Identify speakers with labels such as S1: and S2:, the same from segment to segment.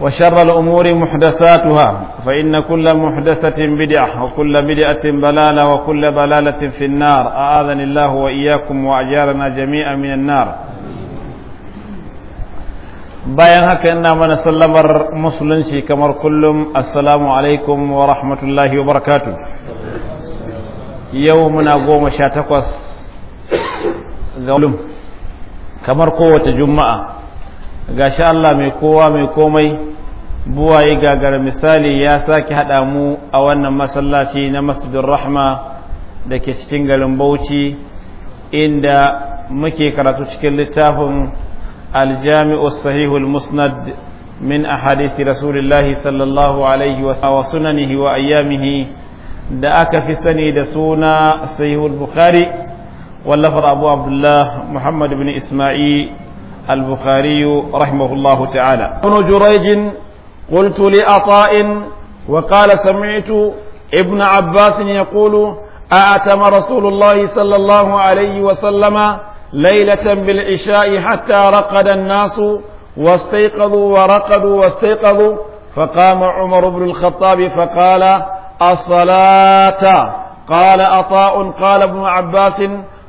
S1: وشر الأمور محدثاتها فإن كل محدثة بدعة وكل بدعة ضلالة وكل ضلالة في النار أعاذني الله وإياكم وأجارنا جميعا من النار bayan haka ina mana sallamar musulunci kamar kullum assalamu alaikum wa rahmatullahi wa barakatu yau muna goma sha takwas ga kamar kowace juma'a gashi Allah mai kowa mai komai buwaye gagar misali ya sake haɗa mu a wannan masallaci na masjidin rahma da ke cikin garin bauchi inda muke karatu cikin littafin aljami'u sahihul musnad min a hadithi rasulullahi sallallahu alaihi wa sunanihi wa ayyamihi da aka fi sani da suna sahihul bukhari wallafar abu abdullah muhammad bin isma'il البخاري رحمه الله تعالى ابن جريج قلت لعطاء وقال سمعت ابن عباس يقول أأتم رسول الله صلى الله عليه وسلم ليلة بالعشاء حتى رقد الناس واستيقظوا ورقدوا واستيقظوا فقام عمر بن الخطاب فقال الصلاة قال أطاء قال ابن عباس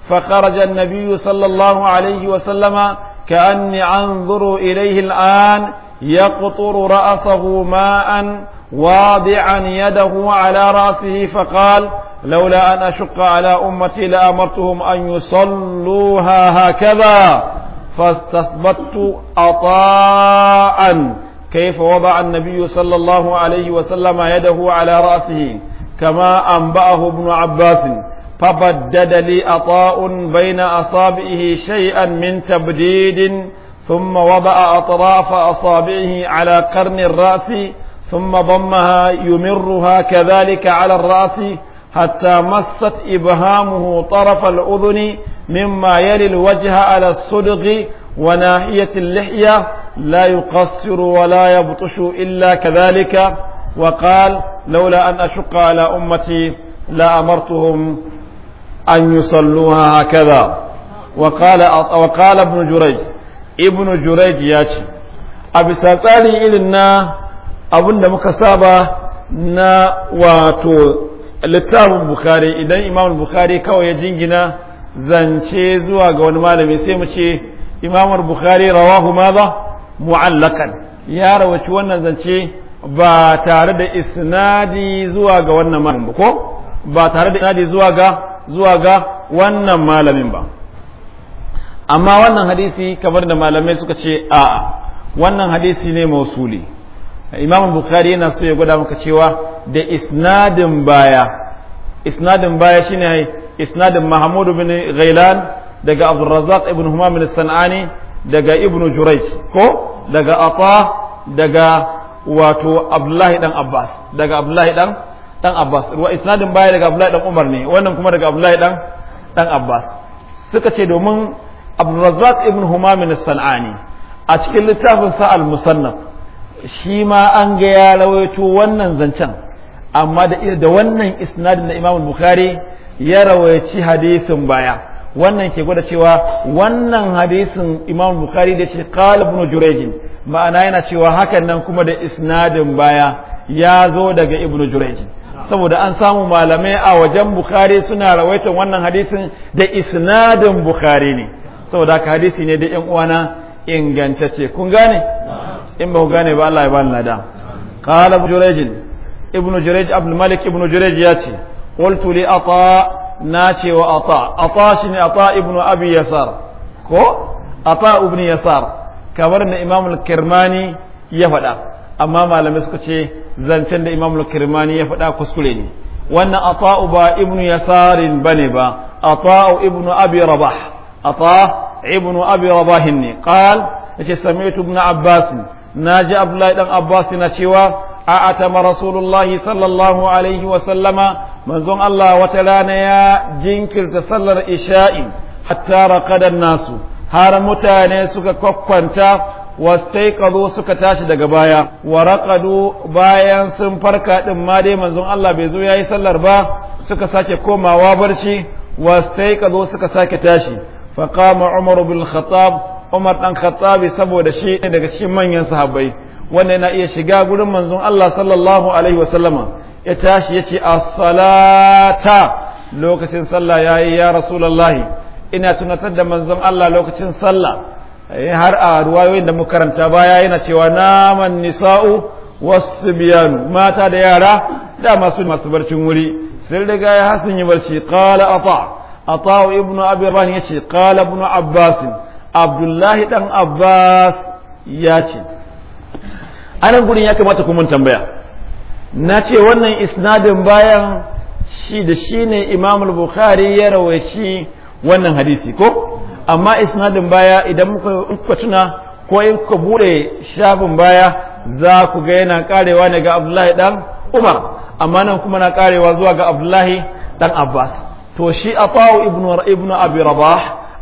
S1: فخرج النبي صلى الله عليه وسلم كأني أنظر إليه الآن يقطر رأسه ماء واضعا يده على رأسه فقال لولا أن أشق على أمتي لأمرتهم أن يصلوها هكذا فاستثبت أطاعا كيف وضع النبي صلى الله عليه وسلم يده على رأسه كما أنبأه ابن عباس فبدد لي عطاء بين أصابعه شيئا من تبديد ثم وضع أطراف أصابعه على قرن الرأس ثم ضمها يمرها كذلك على الرأس حتى مست إبهامه طرف الأذن مما يلي الوجه على الصدغ وناحية اللحية لا يقصر ولا يبطش إلا كذلك وقال لولا أن أشق على أمتي لأمرتهم أن يصلوها هكذا وقال وقال ابن جريج ابن جريج ياتي أبي ساتالي إلنا أبن مكسابة نا واتو littafin bukhari idan imam bukhari kawai ya jingina zance zuwa ga wani malami sai mu ce imam bukhari rawahu maza mu'allakan ya rawaci wannan zance ba tare da isnadi zuwa ga wannan malami ko ba tare da isnadi zuwa ga zuwa ga wannan malamin ba amma wannan hadisi kamar da malamai suka ce a wannan hadisi ne mausuli imam bukhari yana so ya gwada maka cewa da isnadin baya isnadin baya shine isnadin mahmud bin ghailan daga abdurrazzaq ibn humam bin sanani daga ibn Jurai ko daga ata daga wato abdullahi dan abbas daga abdullahi dan dan Abbas ruwa isnadin baya daga Abdullahi dan Umar ne wannan kuma daga Abdullahi dan dan Abbas suka ce domin Abdurrazzaq ibn Humam as-Sanani a cikin littafin sa al-Musannaf shi ma an ga ya rawaito wannan zancen amma da da wannan isnadin na Imam Bukhari ya rawaici hadisin baya wannan ke gwada cewa wannan hadisin Imam Bukhari da shi qala ibn Jurayj ma'ana yana cewa hakan nan kuma da isnadin baya ya zo daga ibn Jurayj saboda an samu malamai a wajen bukari suna rawaitan wannan hadisin da isnadin bukari ne saboda haka hadisi ne da yan uwana ingantacce kun gane in ba ku gane ba Allah ya ba lada qala jurayj ibn jurayj abdul malik ibn jurayj ya ce qultu li ata na ce wa ata ata shine ata ibn abi yasar ko ata ibn yasar kamar na imam kirmani ya faɗa amma malamai suka ce zancen da imam kirmani ya faɗa kuskure ne wannan ata'u ba ibnu yasarin bane ba ata'u ibnu abi rabah ata ibnu abi rabah ne qal yace sami'tu ibnu abbas naji abdullahi dan abbas na cewa a atama rasulullahi sallallahu alaihi wa sallama manzon Allah wata rana ya jinkirta sallar isha'i hatta raqada nasu har mutane suka kwakwanta kazo suka tashi daga baya wa raqadu bayan sun farka din ma dai manzon Allah bai zo yayi sallar ba suka sake komawa barci kazo suka sake tashi fa qama Umar bin Khattab Umar dan Khattab saboda shi daga cikin manyan sahabbai wanda yana iya shiga gurin manzon Allah sallallahu alaihi wasallama ya tashi yace as-salata lokacin sallah yayi ya rasulullahi ina tunatar da manzon Allah lokacin sallah Eh, har a ruwayoyin da muka karanta baya yana cewa naman nisa'u wasu biyanu mata da yara da masu masu barcin wuri sun riga ya hasin yi barci qala ata ata ibnu abi ya yace qala ibnu abbas abdullahi dan abbas ya ce anan gurin ya kamata ku mun tambaya na ce wannan isnadin bayan shi da shine ne Imamul bukhari ya rawaici wannan hadisi ko amma isnadin baya idan muka tuna ko in kuka bude shafin baya za ku ga yana karewa ne ga abdullahi dan umar amma nan kuma na karewa zuwa ga abdullahi dan abbas to shi atawu ibnu ibnu abi rabah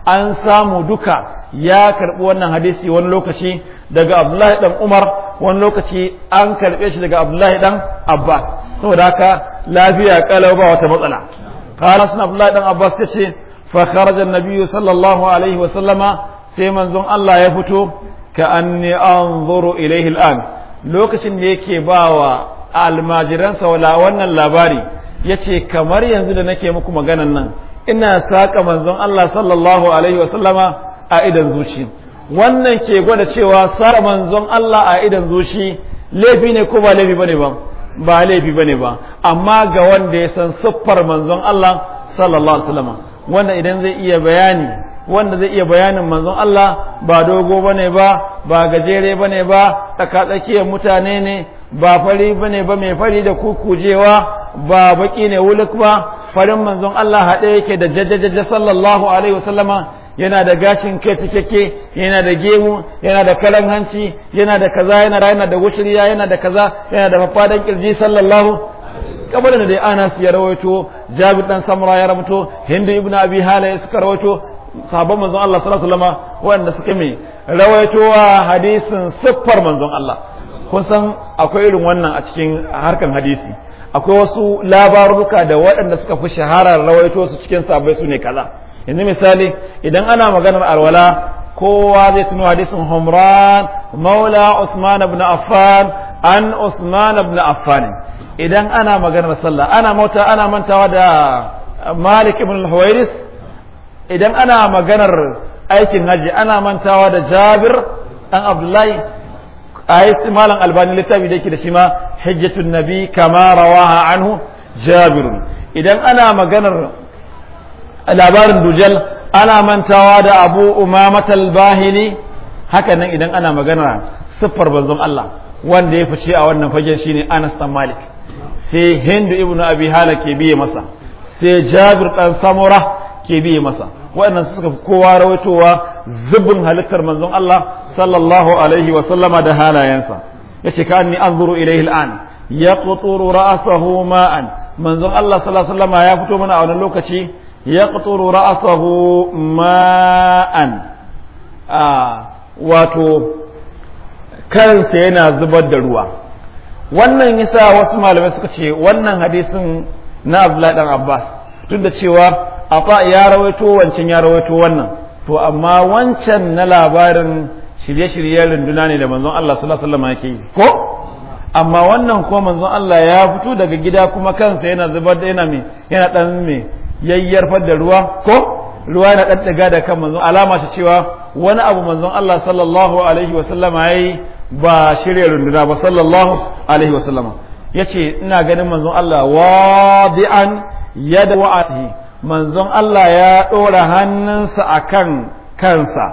S1: an samu duka ya karbi wannan hadisi wani lokaci daga abdullahi dan umar wani lokaci an karbe shi daga abdullahi dan abbas saboda haka lafiya kalau ba wata matsala qala sun abdullahi dan abbas fa kharaja annabi sallallahu alaihi wa sallama sai manzon Allah ya fito ka anni anzuru ilaihi al'an lokacin da yake bawa almajiransa wala wannan labari yace kamar yanzu da nake muku maganan nan ina saka manzon Allah sallallahu alaihi wa sallama a idan zuci wannan ke gwada cewa sara manzon Allah a idan zuci laifi ne ko ba laifi bane ba ba laifi bane ba amma ga wanda ya san siffar manzon Allah sallallahu alaihi wasallam wanda idan zai iya bayani wanda zai iya bayanin manzon Allah ba dogo bane ba ba gajere bane ba tsakiyar mutane ne ba fari bane ba mai fari da kukujewa ba baki ne wuluk ba farin manzon Allah haɗe yake da jajjajja sallallahu alaihi wasallam yana da gashin kai cikakke yana da gemu yana da kalan hanci yana da kaza yana da yana da wushiriya yana da kaza yana da fafadan kirji sallallahu kamar da dai Anas ya rawaito jabir dan samra ya rabuto hindu ibnu abi hala ya suka rawaito sahabban manzon Allah sallallahu alaihi wasallam wanda suka mai wa hadisin siffar manzon Allah kun san akwai irin wannan a cikin harkan hadisi akwai wasu labaruka da waɗanda suka fi shahara rawaito su cikin sabai su ne kaza yanzu misali idan ana maganar alwala kowa zai tuno hadisin Humran maula Uthman ibn Affan an Uthman ibn Affan idan ana maganar sallah ana mota ana mantawa da malik ibn al-huwairis idan ana maganar aikin haji ana mantawa da jabir dan abdullahi Ayi, malam albani littafi da yake da shi ma hajjatun nabi kama rawaha anhu jabir idan ana maganar labarin dujal ana mantawa da abu umamat al-bahili nan idan ana maganar siffar banzon Allah wanda ya fice a wannan fagen shine Anas dan Malik sai hindu ibnu abi hala ke biye masa sai jabir dan samura ke biye masa waɗannan suka fi kowa rawaitowa zubin halittar manzon Allah sallallahu alaihi wa sallama da halayensa yace ka anni anzuru ilayhi al'an yaqturu ra'sahu ma'an manzon Allah sallallahu alaihi wa ya fito mana a wannan lokaci yaqturu ra'sahu ma'an a ah, wato kansa yana zubar da ruwa wannan yasa wasu malamai suka ce wannan hadisin na Abdullahi dan Abbas tun da cewa Afa ya rawaito wancan ya rawaito wannan to amma wancan na labarin shirye-shiryen runduna ne da manzon Allah sallallahu alaihi wasallam yake ko amma wannan kuma manzon Allah ya fito daga gida kuma kansa yana zubar da yana me yana dan me yayyarfar da ruwa ko ruwa yana dan daga da kan manzon alama shi cewa wani abu manzon Allah sallallahu alaihi wasallam yayi ba shirya runduna ba sallallahu alaihi wasallama ya ce ina ganin manzon Allah wadi'an da wa'azi. manzon Allah ya ɗora hannunsa a kan kansa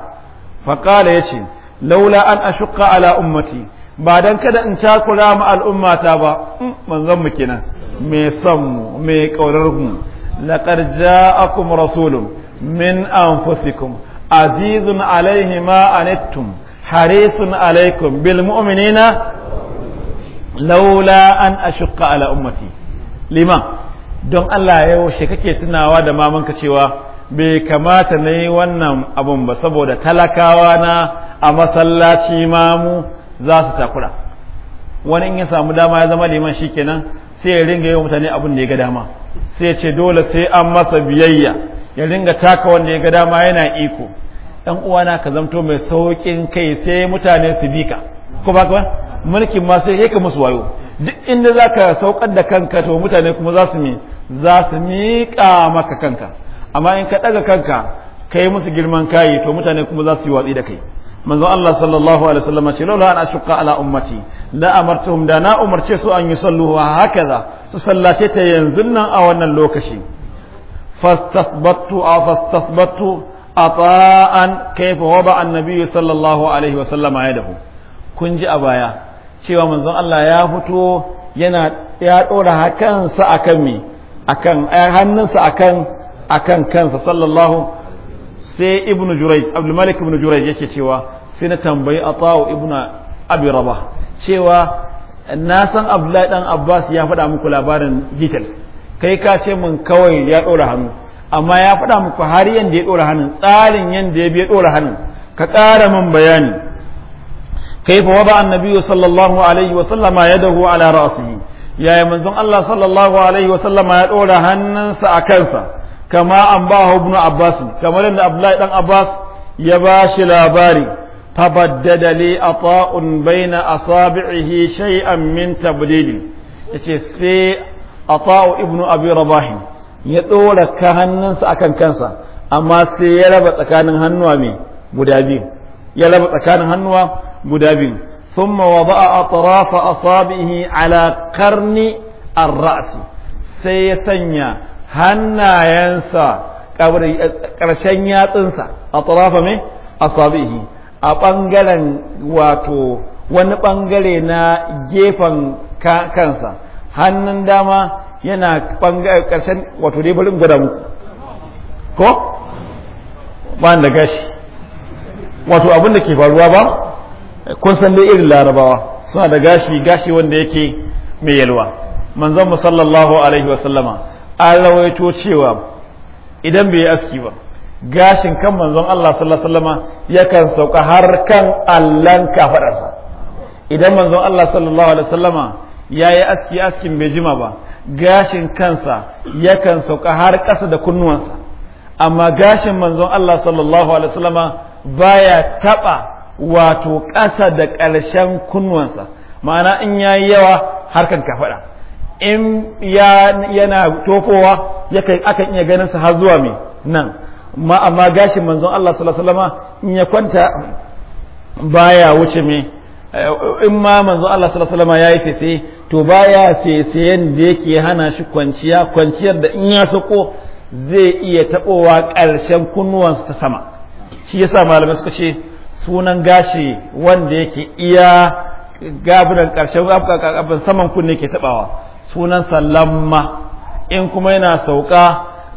S1: faƙala ya ce laula an ashuka ala ummati ba don kada in cakura ma al'ummata ba mm, manzon mu kenan mai son mu mai ƙaunar mu laqad ja'akum rasulun min anfusikum azizun alaihi ma anittum harisun alaikum bil mu'minina laula an ashqa ala liman don Allah yau shi kake tunawa da mamanka cewa bai kamata na yi wannan abun ba saboda talakawa na a masallaci mamu za su takura wani in ya samu dama ya zama liman shi kenan sai ya ringa yi mutane abin da ya ga dama sai ya ce dole sai an masa biyayya ya ringa taka wanda ya ga dama yana iko yan uwana ka zamto mai saukin kai sai mutane su bi ka ko ba ka mulkin ma sai ka musu wayo duk inda za ka saukar da kanka to mutane kuma za su miƙa maka kanka amma in ka ɗaga kanka ka yi musu girman kayi to mutane kuma za su yi watsi da kai manzo Allah sallallahu alaihi wasallam ce lola an ashqa ala ummati la amartuhum da na umarce su an yi sallu wa hakaza su sallace ta yanzu nan a wannan lokaci fastasbattu a fastasbattu ata'an kaifa waba annabi sallallahu alaihi wa sallama yadahu kun ji a baya cewa manzon Allah ya fito yana ya dora hakansa akan me akan hannunsa akan akan kansa sallallahu sai ibnu jurayj abdul malik ibnu jurayj yake cewa sai na tambayi ata'u ibnu abi rabah cewa na san abdullahi dan abbas ya faɗa muku labarin details kai ka ce mun kawai ya dora hannu amma ya faɗa muku har yanda ya ɗora hannun tsarin yanda ya biya ɗora hannun ka ƙara min bayani kaifa ba annabi sallallahu alaihi wa sallama ya dahu ala ra'sihi yaya manzon Allah sallallahu alaihi wa sallama ya ɗora hannunsa a kansa kama an ba ibn Abbas kamar yadda Abdullahi dan Abbas ya ba shi labari fabaddada li ata'un baina asabi'ihi shay'an min tabdili yace sai ata'u ibn abi rabahin ya ɗora ka hannunsa akan kansa amma sai ya raba tsakanin hannuwa mai guda biyu ya raba tsakanin hannuwa guda biyu sun a وضع أطراف أصابعه a قرن sai ya sanya hannayensa ƙarshen yatsunsa a tsarafa mai sabihi a ɓangaren wato wani ɓangare na gefen kansa hannun dama yana bangaren karshen wato dai bari guda mu ko ba da gashi wato abin da ke faruwa ba kun san dai irin larabawa suna da gashi gashi wanda yake mai yalwa manzon mu sallallahu alaihi wa sallama an rawaito cewa idan bai aski ba gashin kan manzon Allah sallallahu alaihi wa sallama yakan sauka har kan allan kafadarsa idan manzon Allah sallallahu alaihi wa sallama yayi aski askin bai jima ba gashin kansa yakan sauka har ƙasa da kunnuwansa amma gashin manzon Allah sallallahu alaihi wasallama baya taɓa wato ƙasa da ƙarshen kunnuwansa ma'ana in ya yi yawa harkan faɗa. in yana tofowa yakan akan iya ganin sa har zuwa me nan ma amma gashin manzon Allah sallallahu alaihi wasallama in ya kwanta baya wuce mai eh, in ma manzon Allah sallallahu alaihi wasallama yayi tafi to baya sayen da yake hana shi kwanciya kwanciyar da in ya sako zai iya taɓowa ƙarshen kunnuwansa ta sama shi yasa malamai suka ce sunan gashi wanda yake iya gaburan ƙarshen abin saman kunne ke taɓawa sunan lamma in kuma yana sauka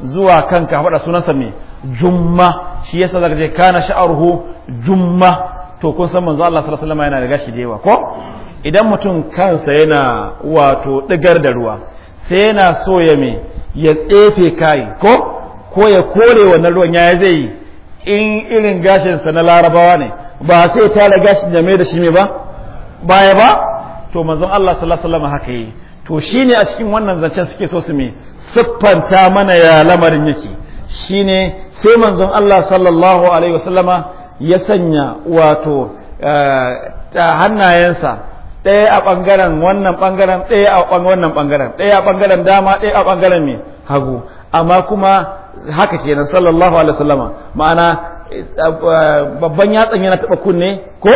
S1: zuwa kan faɗa sunansa mai jumma shi yasa zaka je kana sha'aruhu jumma to kun san manzo Allah sallallahu alaihi wasallam yana da gashi da yawa ko idan mutum kansa yana wato ɗigar da ruwa sai yana so ya me ya tsefe kayi ko ko ya kore wannan ruwan ya zai yi in irin gashinsa na larabawa ne ba sai tara gashin da mai da shi ne ba baya ba to manzon Allah sallallahu alaihi haka yi to shine a cikin wannan zancen suke so su me siffanta mana ya lamarin yake shine sai manzon Allah sallallahu alaihi wasallama ya sanya wato eh, hannayensa ɗaya a ɓangaren wannan ɓangaren ɗaya a wannan ɓangaren ɗaya a ɓangaren dama ɗaya a ɓangaren mai hagu amma kuma haka kenan sallallahu alaihi wasallama ma'ana eh, babban yatsan yana taɓa kunne ko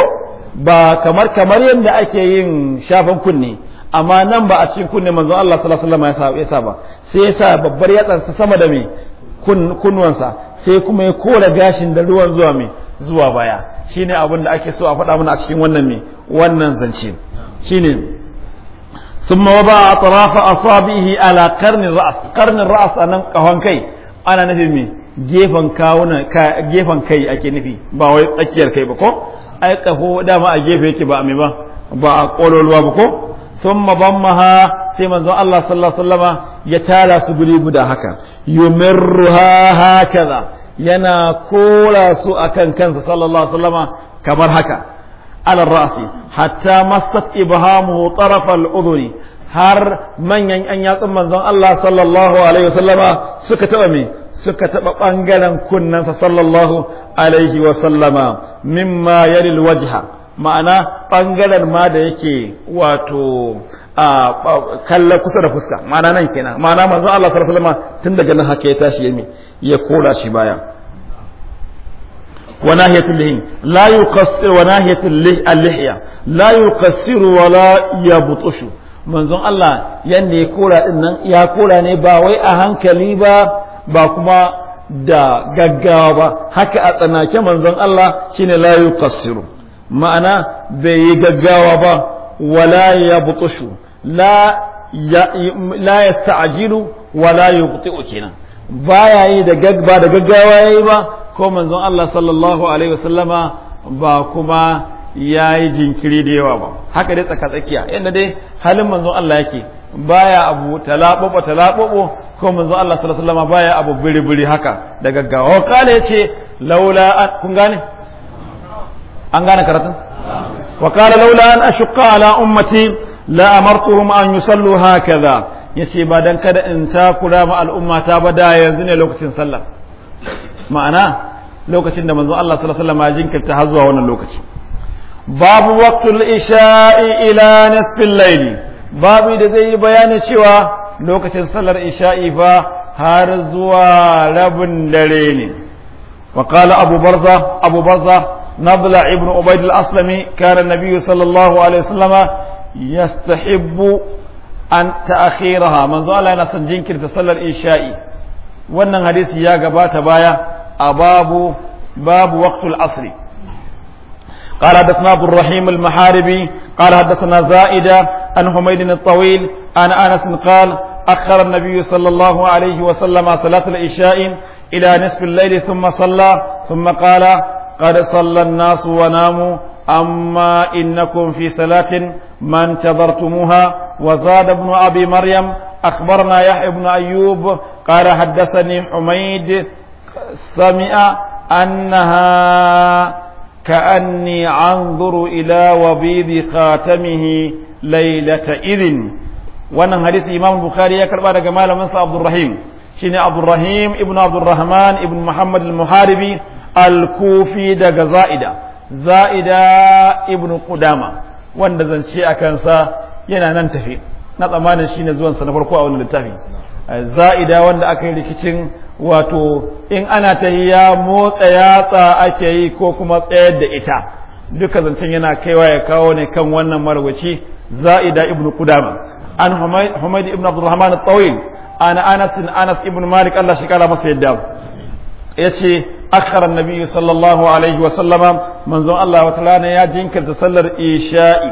S1: ba kamar kamar yadda ake yin shafan kunne amma nan ba a cikin kunne manzon Allah sallallahu alaihi wasallama ya sa ba sai ya sa babbar yatsan sa sama da me kunnuwansa sai kuma ya kora gashin da ruwan zuwa mai zuwa baya shine abin da ake so a faɗa mana a cikin wannan mai wannan zance Shi ne shine ثم وضع a أصابعه على قرن الرأس ra'as الرأس ra'as a nan ƙahon kai ana gefen kawuna gefen kai ake nufi ba wai tsakiyar kai ba ko ai kafo dama a gefe yake ba a mai ba a ƙololuwa ba ko sun maha. sai manzon Allah sallallahu alaihi wasallama ya tara su guri guda haka yumirruha hakaza yana kora su akan kansa sallallahu alaihi wasallama kamar haka ala ra'si hatta massat ibhamu taraf al-udhri har manyan yan yatsun manzon Allah sallallahu alaihi wasallama suka taba me suka taba bangaren kunnansa sallallahu alaihi wasallama mimma yaril wajha ma'ana bangaren ma da yake wato kalla kusa da fuska ma'ana nan kenan ma'ana manzo Allah sallallahu alaihi wasallam tun daga nan haka ya tashi yami ya kora shi baya wa nahiyatul lihi la yuqassir wa nahiyatul lihya la yuqassir wa la yabtushu manzon Allah yanda ya kora din nan ya kora ne ba wai a hankali ba ba kuma da gaggawa ba haka a tsanake manzon Allah shine la yuqassiru ma'ana bai yi gaggawa ba wala ya butushu la a jiru wa la kuti kenan baya yi da gagba da gaggawa yayi ba ko manzon Allah sallallahu alaihi wasallama ba kuma yayi jinkiri da yawa ba haka dai tsaka tsakiya inda dai halin manzon Allah yake baya abu talabobo talabobo ko manzon Allah sallallahu alaihi wasallama baya abu biribiri haka da gaggawa kale yace laula kun gane an gane karatun wa qala laula an ashqa ala ummati la'amartuhum an yusallu hakaza yace ba dan kada in takura ma al'umma ta ba da yanzu ne lokacin sallah ma'ana lokacin da manzon Allah sallallahu alaihi wasallam ya jinkirta har zuwa wannan lokaci babu waqtul isha'i ila nisfil layli babu da zai yi bayani cewa lokacin sallar isha'i fa har zuwa rabin dare ne وقال أبو برزة أبو برزة نضلع ابن عبيد الأصلمي كان النبي صلى الله عليه وسلم yastahibbu an ta'khiraha manzo Allah yana son jinkirta sallar isha'i wannan hadisi ya gabata baya a babu babu waqtul asri قال حدثنا ابو الرحيم المحاربي قال حدثنا زائدة عن حميد الطويل عن انس قال اخر النبي صلى الله عليه وسلم صلاة العشاء الى نصف الليل ثم صلى ثم قال قد صلى الناس وناموا اما انكم في صلاة ما انتظرتموها وزاد ابن أبي مريم أخبرنا يحيى بن أيوب قال حدثني حميد سمع أنها كأني أنظر إلى وبيض خاتمه ليلة إذن wannan hadisi imam bukhari ya karba daga malamin sa abdurrahim shine abdurrahim ibn abdurrahman ibn muhammad al-muharibi al-kufi daga za'ida za'ida ibn qudama wanda zance a kansa yana nan tafi na tsammanin shine zuwansa na farko a wani littafi za'ida wanda aka yi rikicin wato in ana ta ya motsa yatsa ake yi ko kuma tsayar da ita duka zancen yana kaiwa ya kawo ne kan wannan marwaci za'ida ibn kudama an humayd ibn abdurrahman at-tawil ana anas ibn malik Allah shi k'Ala masa yadda yace akhara Nabiyyu sallallahu alaihi wa sallama manzon Allah wata rana ya jinkirta sallar isha'i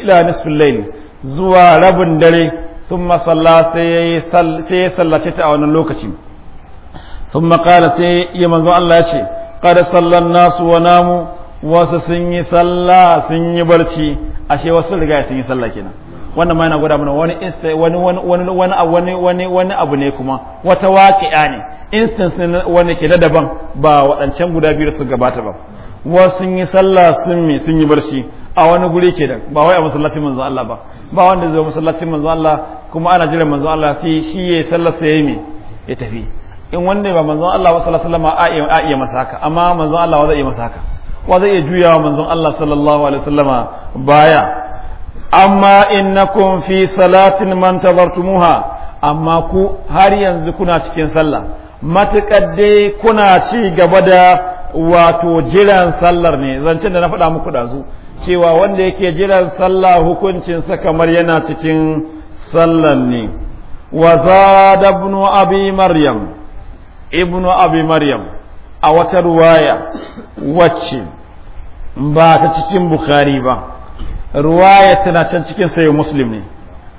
S1: ila nisfil layl zuwa rabin dare thumma salla sai ya sallace ta a wannan lokaci thumma qala sai ya manzon Allah ya ce qad sallan nasu wa namu wasu sun yi salla sun yi barci ashe wasu riga sun yi sallah kenan wannan ma yana gwada mana wani wani wani wani wani wani abu ne kuma wata waqi'a ne instance ne wani ke da daban ba waɗancan guda biyu su gabata ba wasu sun yi sallah sun mi sun yi barci a wani guri ke da ba wai a masallacin manzo Allah ba ba wanda zai masallacin manzo Allah kuma ana jiran manzo Allah sai shi yayi sallar sai yayi ya tafi in wanda ba manzo Allah wa sallallahu alaihi wasallam a iya masa haka amma manzo Allah wa zai iya masa haka wa zai iya juyawa manzo Allah sallallahu alaihi wasallama baya amma in na fi salatin man tazartumuha amma ku har yanzu kuna cikin sallah matuƙar dai kuna ci gaba da wato jiran sallar ne zancen da na faɗa muku ɗazu cewa wanda yake jiran sallah hukuncinsa kamar yana cikin sallar ne wa zada ibn abi maryam ibn abi maryam a wata ruwaya wacce ba ta cikin bukhari ba ruwaya tana can cikin sayo muslim ne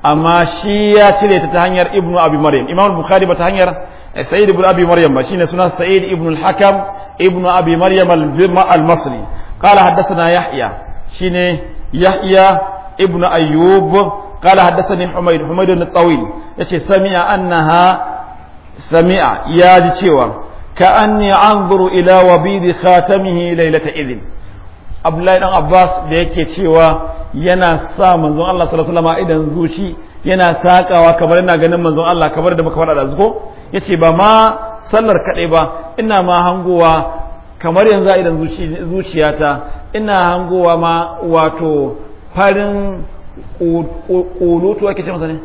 S1: amma shi ya cire ta ta hanyar ibnu abi maryam imam bukhari ba ta hanyar eh, sa'id ibn abi maryam ba shine suna sa'id ibnu al-hakam ibnu abi maryam al-masri qala haddathana yahya shine yahya ibnu ayyub qala haddathani humayd humayd ibn tawil yace sami'a annaha sami'a ya ji cewa ka anni anzuru ila wabidi khatamihi laylata idhin abdullahi dan abbas da yake cewa yana sa manzon Allah sallallahu alaihi wasallam idan zuci yana sakawa kamar yana ganin manzon Allah kamar da muka faɗa da zuko yace ba ma sallar kaɗai ba ina ma hangowa kamar yanzu idan zuciyata ina hangowa ma wato farin ƙulutu ake ce masa ne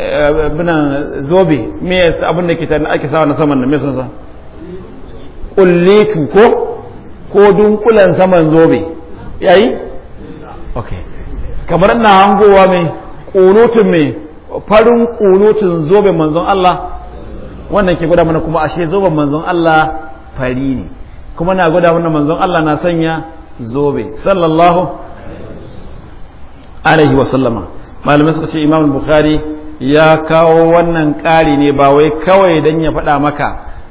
S1: eh, binan zobe me abin da ke tare ake sawa na saman nan me sunsa ƙullitu ko ko dunkulen saman zobe yayi Okay. kamar na hangowa mai kunutun mai farin kunutun zobe manzon Allah wannan ke gwada mana kuma ashe zoben manzon Allah fari ne kuma na gwada mana manzon Allah na sanya zobe sallallahu alaihi wa sallama malamai suka ce imam bukhari ya kawo wannan ƙari ne ba wai kawai don ya faɗa maka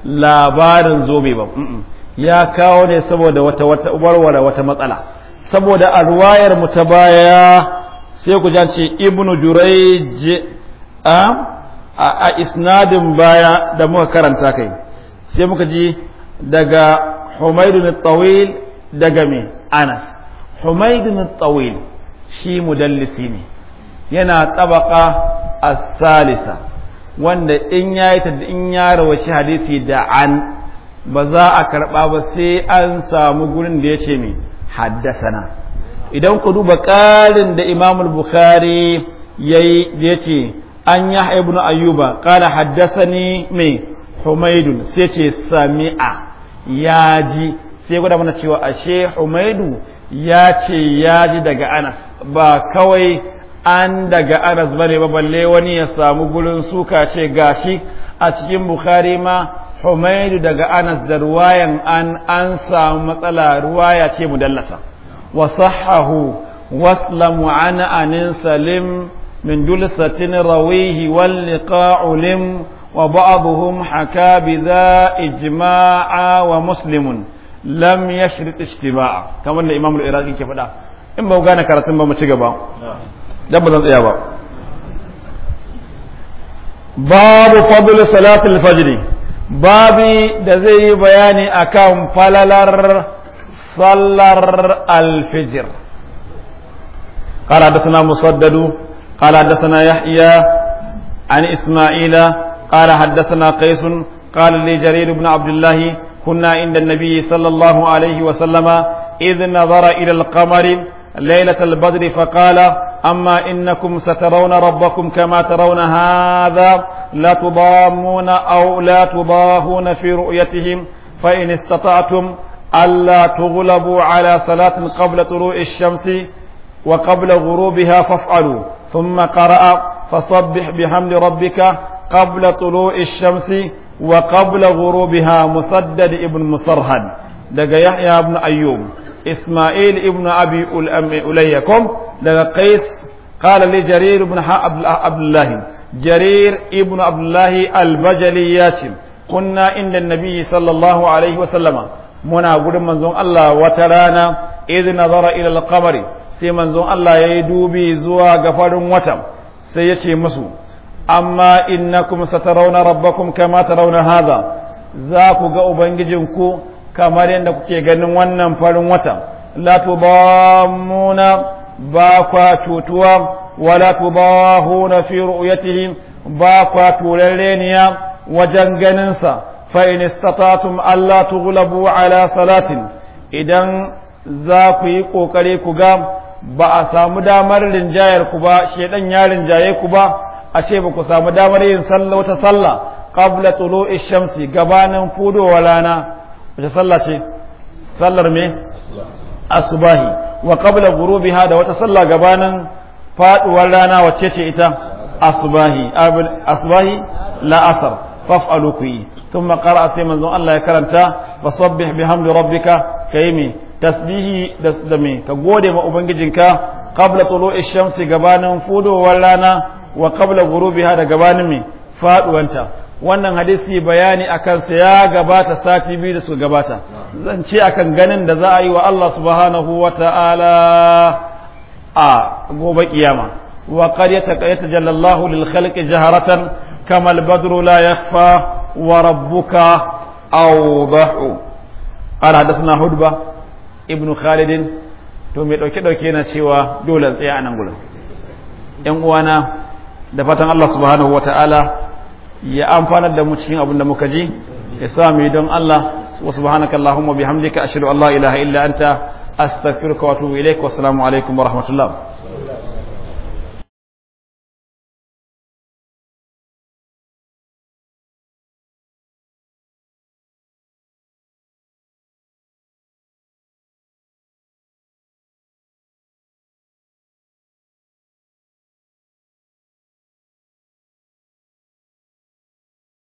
S1: labarin zobe ba ya kawo ne saboda wata warware wata matsala saboda a mu ta baya sai ku jance ibnu jurayj a a isnadin baya da muka karanta kai sai muka ji daga humaydun tawil daga me anas humaydun tawil shi mudallisi ne yana tabaka as-salisa wanda in yayi ta in ya rawashi hadisi da an ba za a karɓa ba sai an samu gurin da ya ce mai haddasana idan ku duba ƙarin da imam bukhari ya yi da ya ce an ya ibnu ayyuba haddasa haddasani mai humaidu sai ce sami'a ya ji sai gwada mana cewa ashe humaidu ya ce ya ji daga anas ba kawai an daga anas bane ba balle wani ya samu gurin suka ce gashi a cikin bukhari ma Humaydu daga Anas da ruwayan an an samu matsala ruwaya ce mudallasa wa sahahu waslamu an anin salim min dulsatin rawihi wal liqa'u lim wa ba'dhum haka bidha ijma'a wa muslimun lam yashrit ijtiba'a kamar da Imam al-Iraqi ke faɗa in ba gane karatun ba mu ci gaba dan ba zan tsaya ba babu fadl salatul fajr babi da zai yi bayani akan falalar sallar alfijir قال حدثنا مسدد قال حدثنا يحيى عن إسماعيل قال حدثنا قيس قال لي جرير بن عبد الله كنا عند النبي صلى الله عليه وسلم إذ نظر إلى القمر ليلة البدر فقال أما إنكم سترون ربكم كما ترون هذا لا تضامون أو لا تضاهون في رؤيتهم فإن استطعتم ألا تغلبوا على صلاة قبل طلوع الشمس وقبل غروبها فافعلوا ثم قرأ فصبح بحمد ربك قبل طلوع الشمس وقبل غروبها مسدد ابن مصرهد دقى يحيى بن أيوب Ismail ibn Abi Ulayya kom daga Qais qala Jarir ibn Abdullah Jarir ibn Abdullah al yace kunna inda Nabi sallallahu alaihi wa sallama muna gudun manzon Allah wata rana idh nazara ila al-qamari sai manzon Allah yayi dubi zuwa ga farin wata sai yace masu. amma innakum satarawna rabbakum kama tarawna haza. za ku ga Ubangijin ku? kamar yadda kuke ganin wannan farin watan la tudammuna ba kwa cutuwa wa wala huna fi ru'yatihim ba kwa turarreniya wajen ganinsa fa in istatatum alla tughlabu ala salatin idan za ku yi kokare ku ga ba a samu damar rinjayar ku ba shedan ya rinjaye ku ba ashe ba ku samu damar yin sallah wata sallah qabla tulu'i shamsi gabanin fudowar rana wace sallah ce sallar me asubahi wa qabla ghurubiha da wata sallah gabanin faduwar rana wacce ce ita asubahi asubahi la asar faf'alu ku yi thumma qara'a sai manzon Allah ya karanta fasabbih bihamdi rabbika kayimi tasbihi da me ka gode ma ubangijinka qabla tulu'i shamsi gabanin fudowar rana wa qabla ghurubiha da gabanin me faduwanta wannan hadisi bayani akan sa ya gabata sati biyu da suka gabata zan ce akan ganin da za a yi wa Allah subhanahu wa ta'ala a gobe kiyama wa qad yatajalla Allahu lil khalqi jaharatan kama al badru la yakhfa wa rabbuka awdahu ana hadasna hudba ibnu khalid to mai dauke dauke yana cewa dole tsaya a nan gurin yan uwana da fatan Allah subhanahu wa ta'ala ya amfanar da mu cikin abin da muka ji ya sa mu don Allah wa subhanaka allahumma bihamdika ashhadu an la ilaha illa anta astaghfiruka wa atubu ilaik wa assalamu alaikum wa rahmatullah